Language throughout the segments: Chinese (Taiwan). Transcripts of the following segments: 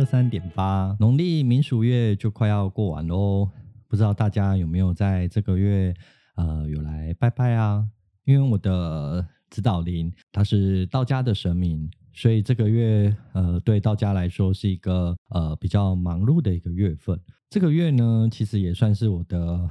二三點八，農曆民俗月就快要過完嘍。不知道大家有沒有在這個月，呃，有來拜拜啊？因為我的指導靈他是道家的神明，所以這個月，呃，對道家來說是一個呃比較忙碌的一個月份。這個月呢，其實也算是我的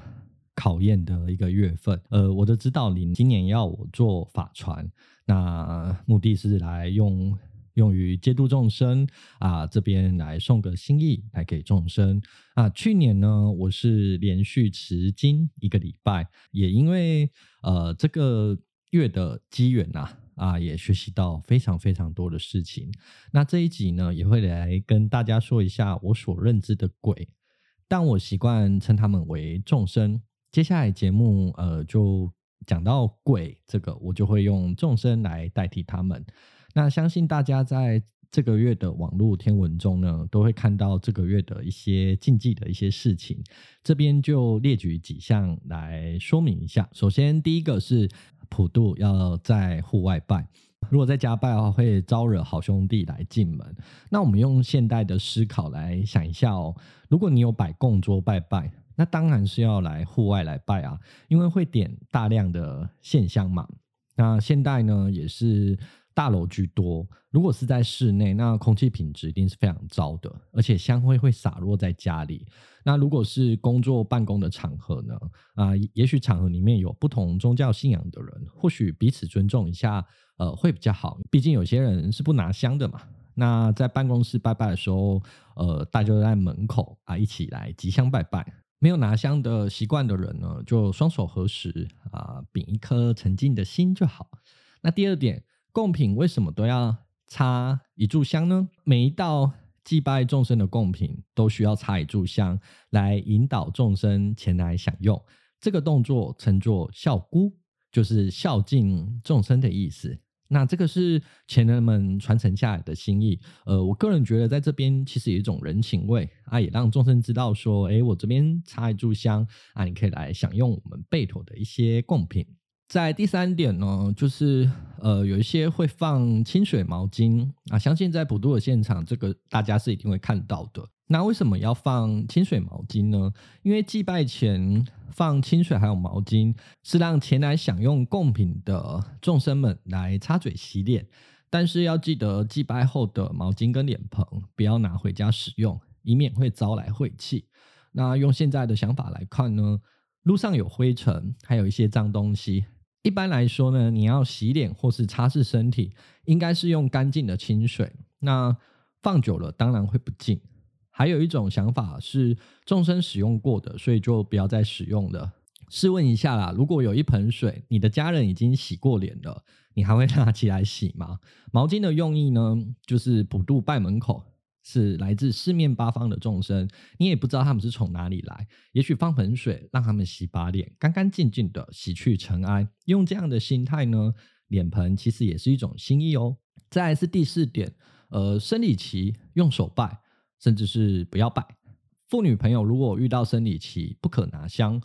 考驗的一個月份。呃，我的指導靈今年要我做法船，那目的是來用。用於接度眾生啊，這邊來送個心意來給眾生啊。去年呢，我是連續持經一個禮拜，也因為呃這個月的機緣吶啊，也學習到非常非常多的事情。那這一集呢，也會來跟大家說一下我所認知的鬼，但我習慣稱他們為眾生。接下來節目呃就講到鬼這個，我就會用眾生來代替他們。那相信大家在這個月的網絡天文中呢，都會看到這個月的一些禁忌的一些事情。這邊就列舉幾項來說明一下。首先，第一個是普渡要在戶外拜，如果在家拜的話，會招惹好兄弟來進門。那我們用現代的思考來想一下哦，如果你有擺供桌拜拜，那當然是要來戶外來拜啊，因為會點大量的線香嘛。那現代呢，也是。大樓居多，如果是在室內，那空氣品質一定是非常糟的，而且香灰會灑落在家裡。那如果是工作辦公的場合呢？啊、呃，也許場合裡面有不同宗教信仰的人，或許彼此尊重一下，呃，會比較好。畢竟有些人是不拿香的嘛。那在辦公室拜拜的時候，呃，大家都在門口啊、呃，一起來吉祥拜拜。沒有拿香的習慣的人呢，就雙手合十啊，秉、呃、一顆沉靜的心就好。那第二點，貢品為什麼都要插一炷香呢？每一道祭拜眾生的貢品都需要插一炷香，來引導眾生前來享用。這個動作稱作孝姑，就是孝敬眾生的意思。那這個是前人們傳承下來的心意。呃，我個人覺得在這邊其實有一種人情味啊，也讓眾生知道說，哎、欸，我這邊插一炷香啊，你可以來享用我們備妥的一些貢品。在第三點呢，就是呃，有一些會放清水毛巾啊，相信在普渡的現場，這個大家是一定會看到的。那為什麼要放清水毛巾呢？因為祭拜前放清水還有毛巾，是讓前來享用貢品的眾生們來擦嘴洗臉。但是要記得，祭拜後的毛巾跟臉盆不要拿回家使用，以免會招來晦氣。那用現在的想法來看呢，路上有灰塵，還有一些髒東西。一般來說呢，你要洗臉或是擦拭身體，應該是用乾淨的清水。那放久了當然會不淨。還有一種想法是，眾生使用過的，所以就不要再使用了。試問一下啦，如果有一盆水，你的家人已經洗過臉了，你還會拿起來洗嗎？毛巾的用意呢，就是普渡拜門口。是來自四面八方的眾生，你也不知道他們是從哪裡來。也許放盆水，讓他們洗把臉，乾乾淨淨的洗去塵埃。用這樣的心態呢，臉盆其實也是一種心意哦。再來是第四點，呃，生理期用手拜，甚至是不要拜。婦女朋友如果遇到生理期，不可拿香。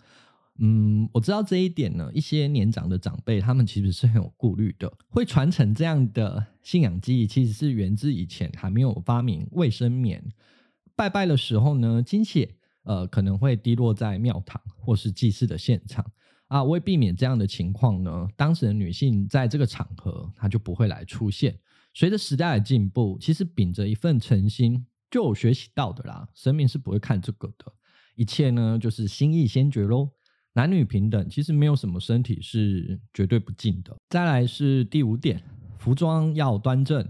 嗯，我知道這一點呢，一些年長的長輩，他們其實是很有顧慮的，會傳承這樣的信仰記憶，其實是源自以前還沒有發明衛生棉。拜拜的時候呢，精血呃可能會滴落在廟堂或是祭祀的現場啊。為避免這樣的情況呢，當時的女性在這個場合她就不會來出現。隨着時代的進步，其實秉着一份誠心就有學習到的啦。神明是不會看這個的，一切呢就是心意先決咯。男女平等，其實沒有什麼身體是絕對不敬的。再來是第五點，服裝要端正。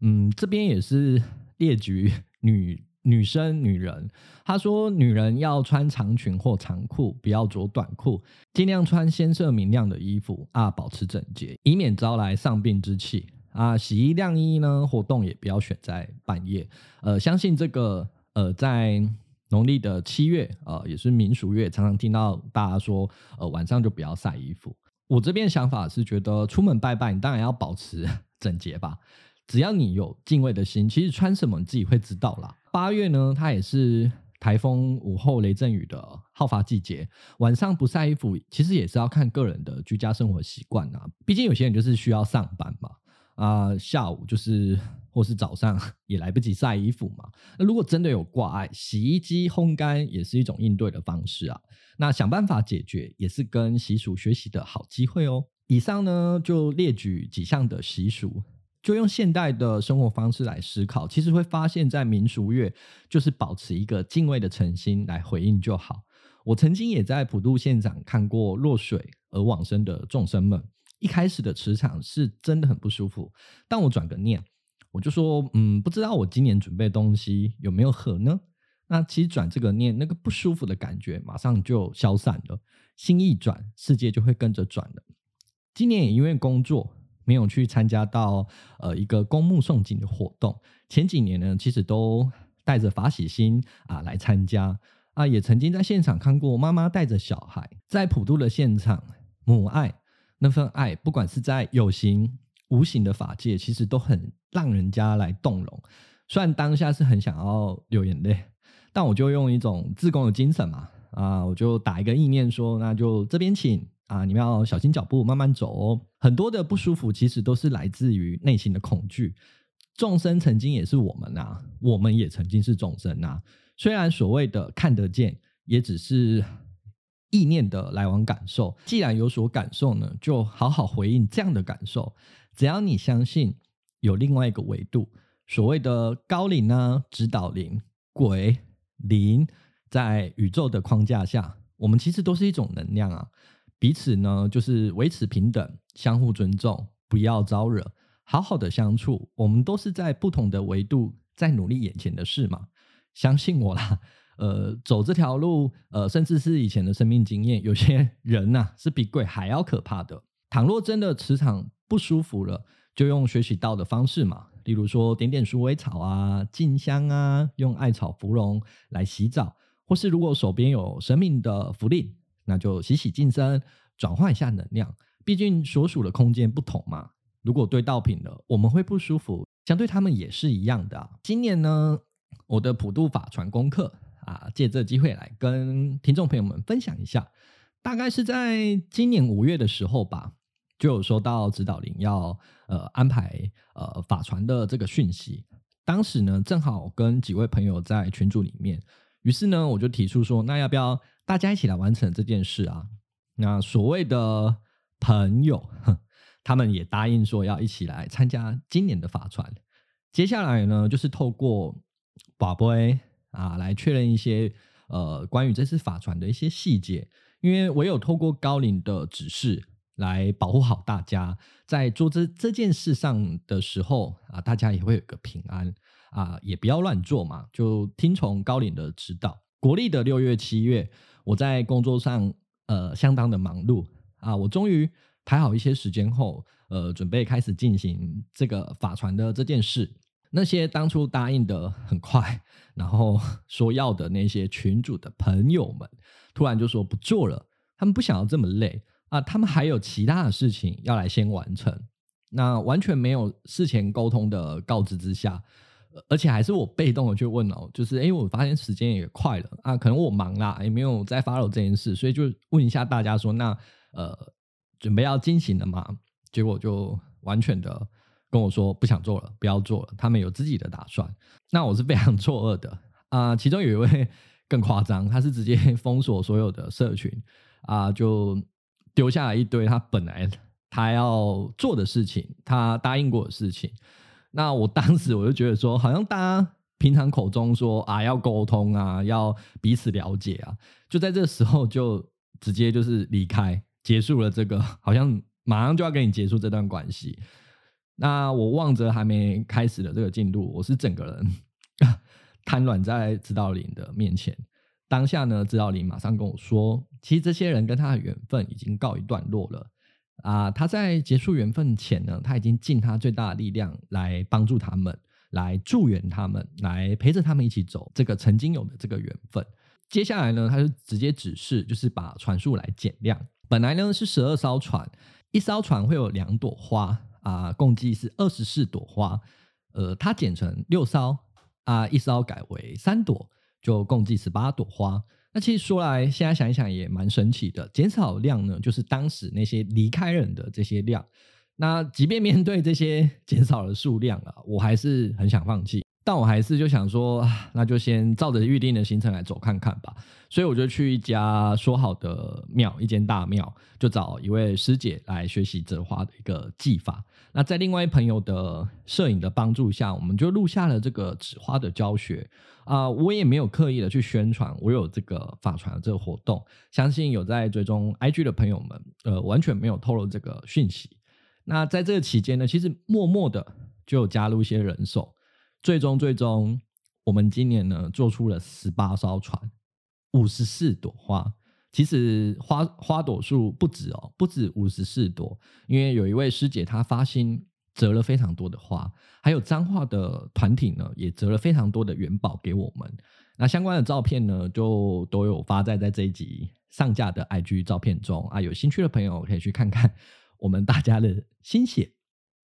嗯，這邊也是列舉女女生、女人。她說，女人要穿長裙或長褲，不要着短褲，儘量穿鮮色明亮的衣服啊，保持整潔，以免招來喪病之氣啊。洗衣晾衣呢，活動也不要選在半夜。呃，相信這個呃，在。農曆的七月，呃，也是民俗月，常常聽到大家說，呃，晚上就不要曬衣服。我這邊想法是覺得出門拜拜，你當然要保持整潔吧。只要你有敬畏的心，其實穿什麼你自己會知道啦。八月呢，它也是颱風午後雷陣雨的好發季節。晚上不曬衣服，其實也是要看個人的居家生活習慣啊。畢竟有些人就是需要上班嘛，啊、呃，下午就是。或是早上也來不及曬衣服嘛？那如果真的有掛礙，洗衣機烘乾也是一種應對的方式啊。那想辦法解決也是跟習俗學習的好機會哦。以上呢，就列舉幾項的習俗，就用現代的生活方式來思考，其實會發現，在民俗月就是保持一個敬畏的誠心來回應就好。我曾經也在普渡現場看過落水而往生的眾生們，一開始的磁場是真的很不舒服，但我轉個念。我就說，嗯，不知道我今年準備東西有沒有合呢？那其實轉這個念，那個不舒服的感覺馬上就消散了。心一轉，世界就會跟着轉了。今年也因為工作沒有去參加到呃一個公墓誦經的活動。前幾年呢，其實都帶着法喜心啊來參加啊，也曾經在現場看過媽媽帶着小孩在普渡的現場，母愛那份愛，不管是在有形無形的法界，其實都很。讓人家來動容，雖然當下是很想要流眼淚，但我就用一種志工的精神嘛，啊，我就打一個意念說，那就這邊請啊，你們要小心腳步，慢慢走哦。很多的不舒服其實都是來自於內心的恐懼。眾生曾經也是我們吶、啊，我們也曾經是眾生吶、啊。雖然所謂的看得見，也只是意念的來往感受。既然有所感受呢，就好好回應這樣的感受。只要你相信。有另外一個維度，所謂的高靈呢、啊、指導靈、鬼靈，在宇宙的框架下，我們其實都是一種能量啊。彼此呢，就是維持平等、相互尊重，不要招惹，好好的相處。我們都是在不同的維度，在努力眼前的事嘛。相信我啦，呃，走這條路，呃，甚至是以前的生命經驗，有些人吶、啊，是比鬼還要可怕的。倘若真的磁場不舒服了，就用學習到的方式嘛，例如說點點鼠尾草啊、淨香啊，用艾草、芙蓉來洗澡，或是如果手邊有神明的符令，那就洗洗淨身，轉換一下能量。畢竟所屬的空間不同嘛，如果對道品的我們會不舒服，相對他們也是一樣的啊。今年呢，我的普渡法船功課啊，借這機會來跟聽眾朋友們分享一下，大概是在今年五月的時候吧。就有收到指導靈要呃安排呃法船的這個訊息，當時呢正好跟幾位朋友在群組裡面，於是呢我就提出說，那要不要大家一起來完成這件事啊？那所謂的朋友，哼，他們也答應說要一起來參加今年的法船。接下來呢，就是透過博杯啊來確認一些呃關於這次法船的一些細節，因為我有透過高靈的指示，來保護好大家，在做這這件事上的時候啊，大家也會有個平安啊，也不要亂做嘛，就聽從高靈的指導。國曆的六月七月，我在工作上呃相當的忙碌啊，我終於排好一些時間後，呃，準備開始進行這個法船的這件事。那些當初答應的很快，然後說要的那些群組的朋友們，突然就說不做了，他們不想要這麼累。啊，他們還有其他的事情要來先完成，那完全沒有事前溝通的告知之下，而且還是我被動的去問哦，就是哎，我發現時間也快了啊，可能我忙啦，也沒有再 follow 這件事，所以就問一下大家說，那呃，準備要進行了嗎？結果就完全的跟我說不想做了，不要做了，他們有自己的打算。那我是非常錯愕的啊，其中有一位更誇張，他是直接封鎖所有的社群啊，就。丟下來一堆他本來他要做的事情，他答應過的事情。那我當時我就覺得說，好像大家平常口中說啊，要溝通啊，要彼此了解啊，就在這時候就直接就是離開，結束了這個，好像馬上就要跟你結束這段關係。那我望着還沒開始的這個進度，我是整個人癱軟在指導靈的面前。當下呢，指導靈馬上跟我說，其實這些人跟他的緣分已經告一段落了啊、呃！他在結束緣分前呢，他已經盡他最大的力量來幫助他們，來助緣他們，來陪着他們一起走這個曾經有的這個緣分。接下來呢，他就直接指示，就是把船數來減量。本來呢是十二艘船，一艘船會有兩朵花啊、呃，共計是二十四朵花。呃，他減成六艘啊、呃，一艘改為三朵。就共計十八朵花。那其實說來，現在想一想也蠻神奇的。減少量呢，就是當時那些離開人的這些量。那即便面對這些減少的數量啊，我還是很想放棄。但我還是就想說，那就先照着預定的行程來走看看吧。所以我就去一家說好的廟，一間大廟，就找一位師姐來學習折花的一個技法。那在另外一朋友的攝影的幫助下，我們就錄下了這個紙花的教學啊、呃。我也沒有刻意的去宣傳我有這個法船的這個活動，相信有在追蹤 IG 的朋友們，呃，完全沒有透露這個訊息。那在這期間呢，其實默默的就加入一些人手。最終，最終，我們今年呢做出了十八艘船，五十四朵花。其實花花朵數不止哦，不止五十四朵，因為有一位師姐她發心折了非常多的花，還有彰化的團體呢也折了非常多的元寶給我們。那相關的照片呢，就都有發在在這一集上架的 IG 照片中啊。有興趣的朋友可以去看看我們大家的心血。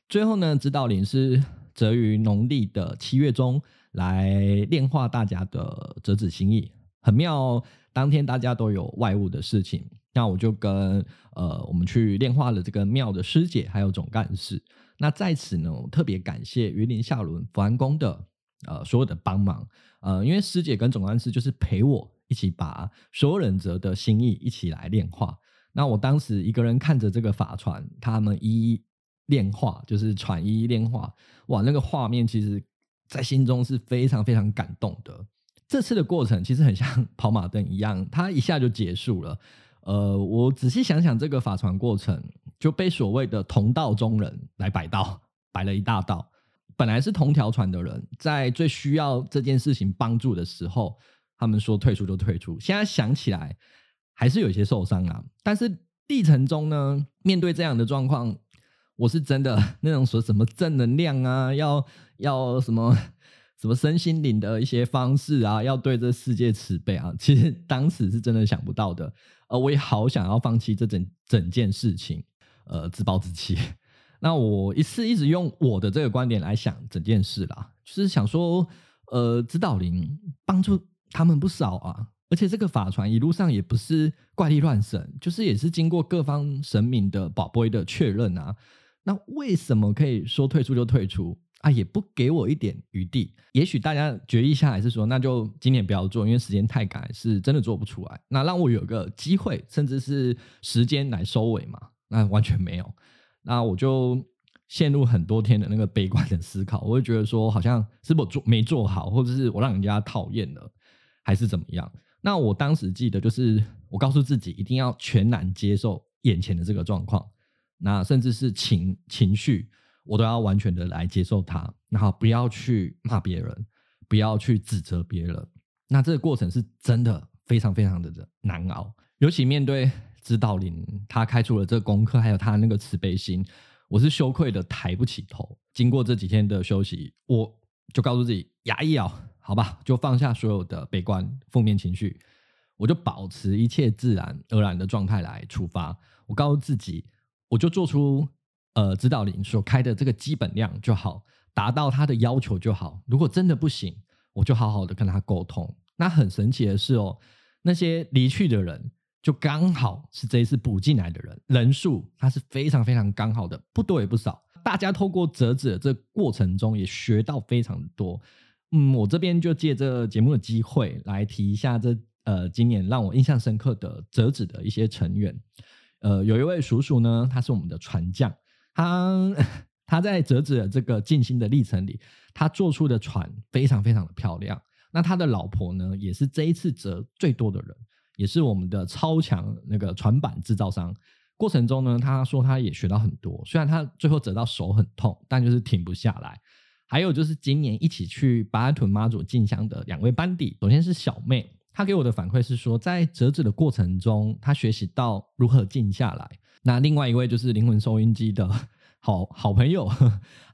最後呢，指導靈是擇於農曆的七月中來煉化大家的折紙心意，很妙哦，當天大家都有外務的事情，那我就跟呃我們去煉化了這個廟的師姐還有總幹事。那在此呢，我特別感謝雲林下崙福安宮的呃所有的幫忙。呃，因為師姐跟總幹事就是陪我一起把所有人折的心意一起來煉化。那我當時一個人看着這個法船，他們一一煉化就是船一煉化，哇，那個畫面其實，在心中是非常非常感動的。這次的過程其實很像跑馬燈一樣，它一下就結束了。呃，我仔細想想，這個法船過程就被所謂的同道中人來擺道，擺了一大道。本來是同條船的人，在最需要這件事情幫助的時候，他們說退出就退出。現在想起來，還是有些受傷啊。但是歷程中呢，面對這樣的狀況。我是真的那種說什麼正能量啊，要要什麼什麼身心靈的一些方式啊，要對這世界慈悲啊。其實當時是真的想不到的，呃，我也好想要放棄這整整件事情，呃，自暴自棄。那我一次一直用我的這個觀點來想整件事啦，就是想說，呃，指導靈幫助他們不少啊，而且這個法船一路上也不是怪力亂神，就是也是經過各方神明的保庇的確認啊。那為什麼可以說退出就退出啊？也不給我一點餘地。也許大家決議下來是說，那就今年不要做，因為時間太趕，是真的做不出來。那讓我有個機會，甚至是時間來收尾嘛？那完全沒有。那我就陷入很多天的那個悲觀的思考。我會覺得說，好像是不是我做沒做好，或者是我讓人家討厭了，還是怎麼樣？那我當時記得就是，我告訴自己一定要全然接受眼前的這個狀況。那甚至是情情緒，我都要完全的來接受它，然後不要去罵別人，不要去指責別人。那這個過程是真的非常非常的難熬，尤其面對指導靈，他開出了這個功課，還有他那個慈悲心，我是羞愧的抬不起頭。經過這幾天的休息，我就告訴自己，牙一咬，好吧，就放下所有的悲觀負面情緒，我就保持一切自然而然的狀態來出發。我告訴自己。我就做出，呃，指導靈所開的這個基本量就好，達到他的要求就好。如果真的不行，我就好好的跟他溝通。那很神奇的是哦，那些離去的人，就剛好是這一次補進來的人人數，它是非常非常剛好的，的不多也不少。大家透過折紙的這個過程中，也學到非常多。嗯，我這邊就借這個節目的機會來提一下這呃，今年讓我印象深刻的折紙的一些成員。呃，有一位叔叔呢，他是我們的船匠，他他在折紙的這個靜心的歷程裡，他做出的船非常非常的漂亮。那他的老婆呢，也是這一次折最多的人，也是我們的超強那個船板制造商。過程中呢，他說他也學到很多，雖然他最後折到手很痛，但就是停不下來。還有就是今年一起去白沙屯媽祖進香的兩位班底，首先是小妹。他給我的反饋是說，在折紙的過程中，他學習到如何靜下來。那另外一位就是靈魂收音機的好好朋友，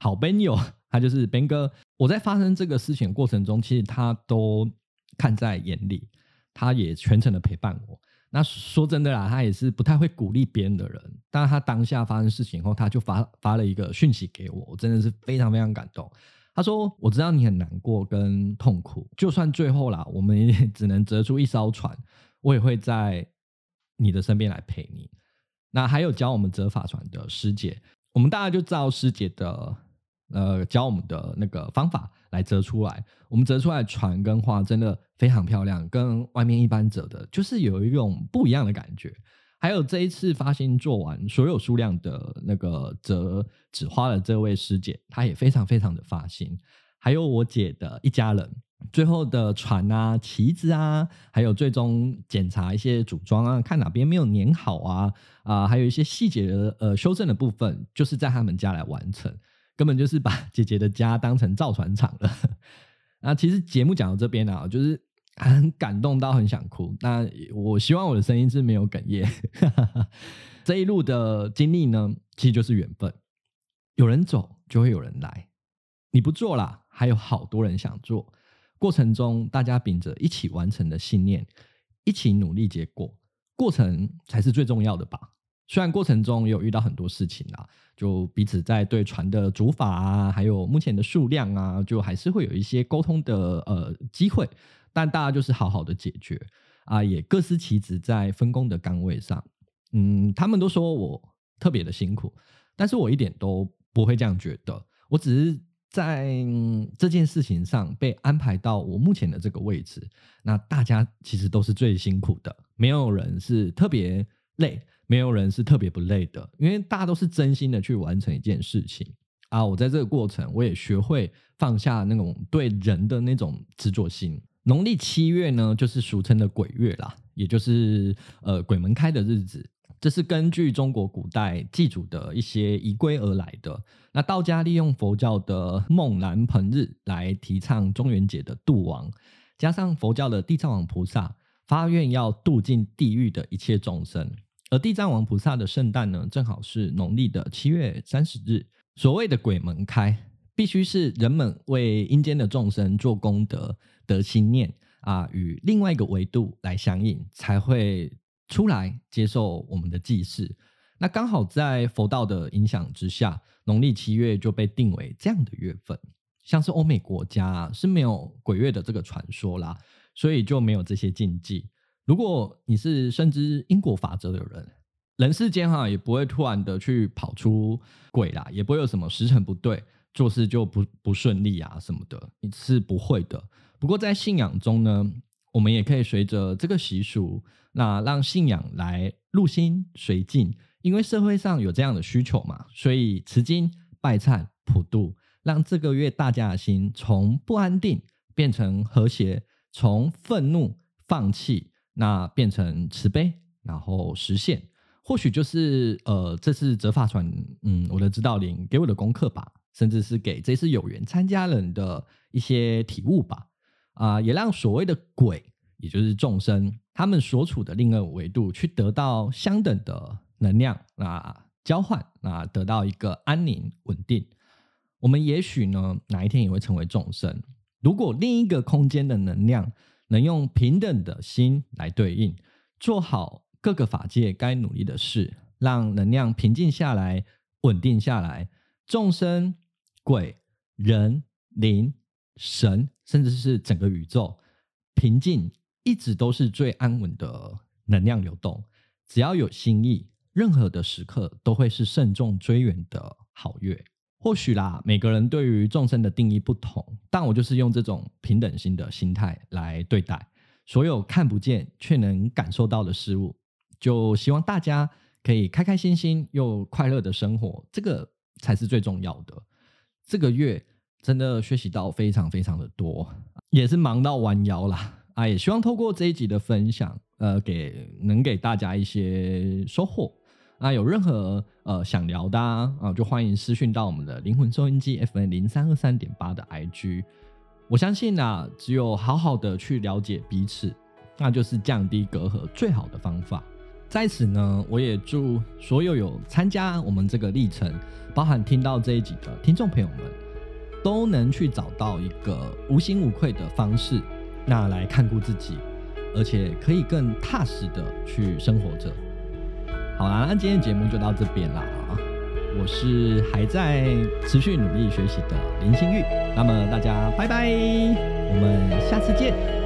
好朋友，他就是 Ben 哥。我在發生這個事情的過程中，其實他都看在眼裡，他也全程的陪伴我。那說真的啦，他也是不太會鼓勵別人的人，但他當下發生事情後，他就發發了一個訊息給我，我真的是非常非常感動。他說：“我知道你很難過跟痛苦，就算最後啦，我們也只能折出一艘船，我也會在你的身邊來陪你。”那還有教我們折法船的師姐，我們大家就照師姐的呃教我們的那個方法來折出來。我們折出來的船跟花真的非常漂亮，跟外面一般折的就是有一種不一樣的感覺。還有這一次發心做完所有數量的那個折紙花的這位師姐，她也非常非常的發心。還有我姐的一家人，最後的船啊、旗子啊，還有最終檢查一些組裝啊，看哪邊沒有粘好啊啊、呃，還有一些細節的呃修正的部分，就是在他們家來完成，根本就是把姐姐的家當成造船廠了。 那其實節目講到這邊啊，就是。很感動到很想哭，那我希望我的聲音是沒有哽咽。 這一路的經歷呢，其實就是緣分。有人走，就會有人來。你不做了，還有好多人想做。過程中，大家秉着一起完成的信念，一起努力結果，過程才是最重要的吧。雖然過程中有遇到很多事情啦、啊，就彼此在對船的組法啊，還有目前的數量啊，就還是會有一些溝通的呃機會，但大家就是好好的解決啊，也各司其職在分工的崗位上。嗯，他們都說我特別的辛苦，但是我一點都不會這樣覺得。我只是在這件事情上被安排到我目前的這個位置。那大家其實都是最辛苦的，沒有人是特別累。沒有人是特別不累的，因為大家都是真心的去完成一件事情啊！我在這個過程，我也學會放下那種對人的那種執着心農曆七月呢，就是俗稱的鬼月啦，也就是呃鬼門開的日子。這是根據中國古代祭祖的一些儀規而來的。那道家利用佛教的盂蘭盆日來提倡中元節的度亡，加上佛教的地藏王菩薩發願要度盡地獄的一切眾生。而地藏王菩薩的聖誕呢，正好是農曆的七月三十日。所謂的鬼門開，必須是人們為陰間的眾生做功德，得心念啊，與另外一個維度來相應，才會出來接受我們的祭祀。那剛好在佛道的影響之下，農曆七月就被定為這樣的月份。像是歐美國家，啊，是沒有鬼月的這個傳說啦，所以就沒有這些禁忌。如果你是深知因果法則的人，人世間哈也不會突然的去跑出鬼啦，也不會有什麼時辰不對，做事就不不順利啊什麼的，你是不會的。不過在信仰中呢，我們也可以隨着這個習俗，那讓信仰來入心隨境，因為社會上有這樣的需求嘛，所以持經拜懺普渡，讓這個月大家的心從不安定變成和諧，從憤怒放棄。那變成慈悲，然後實現，或許就是呃，這次折法船，嗯，我的指導靈給我的功課吧，甚至是給這次有緣參加人的一些體悟吧。啊、呃，也讓所謂的鬼，也就是眾生，他們所處的另一個維度，去得到相等的能量，啊、呃，交換，啊、呃，得到一個安寧穩定。我們也許呢，哪一天也會成為眾生。如果另一個空間的能量。能用平等的心來對應，做好各個法界該努力的事，讓能量平靜下來、穩定下來。眾生、鬼、人、靈、神，甚至是整個宇宙，平靜一直都是最安穩的能量流動。只要有心意，任何的時刻都會是慎終追遠的好月。或許啦，每個人對於眾生的定義不同，但我就是用這種平等心的心態來對待所有看不見卻能感受到的事物。就希望大家可以開開心心又快樂的生活，這個才是最重要的。這個月真的學習到非常非常的多，也是忙到彎腰啦。啊，也希望透過這一集的分享，呃，給能給大家一些收穫。那有任何呃想聊的啊，啊，就歡迎私訊到我們的靈魂收音機 FM 零三二三點八的 I G。我相信啊，只有好好的去了解彼此，那就是降低隔閡最好的方法。在此呢，我也祝所有有參加我們這個歷程，包含聽到這一集的聽眾朋友們，都能去找到一個無心無愧的方式，那來看顧自己，而且可以更踏實的去生活着。好啦，啊，今天節目就到這邊啦，啊。我是還在持續努力學習的林興裕。那麼大家拜拜，我們下次見。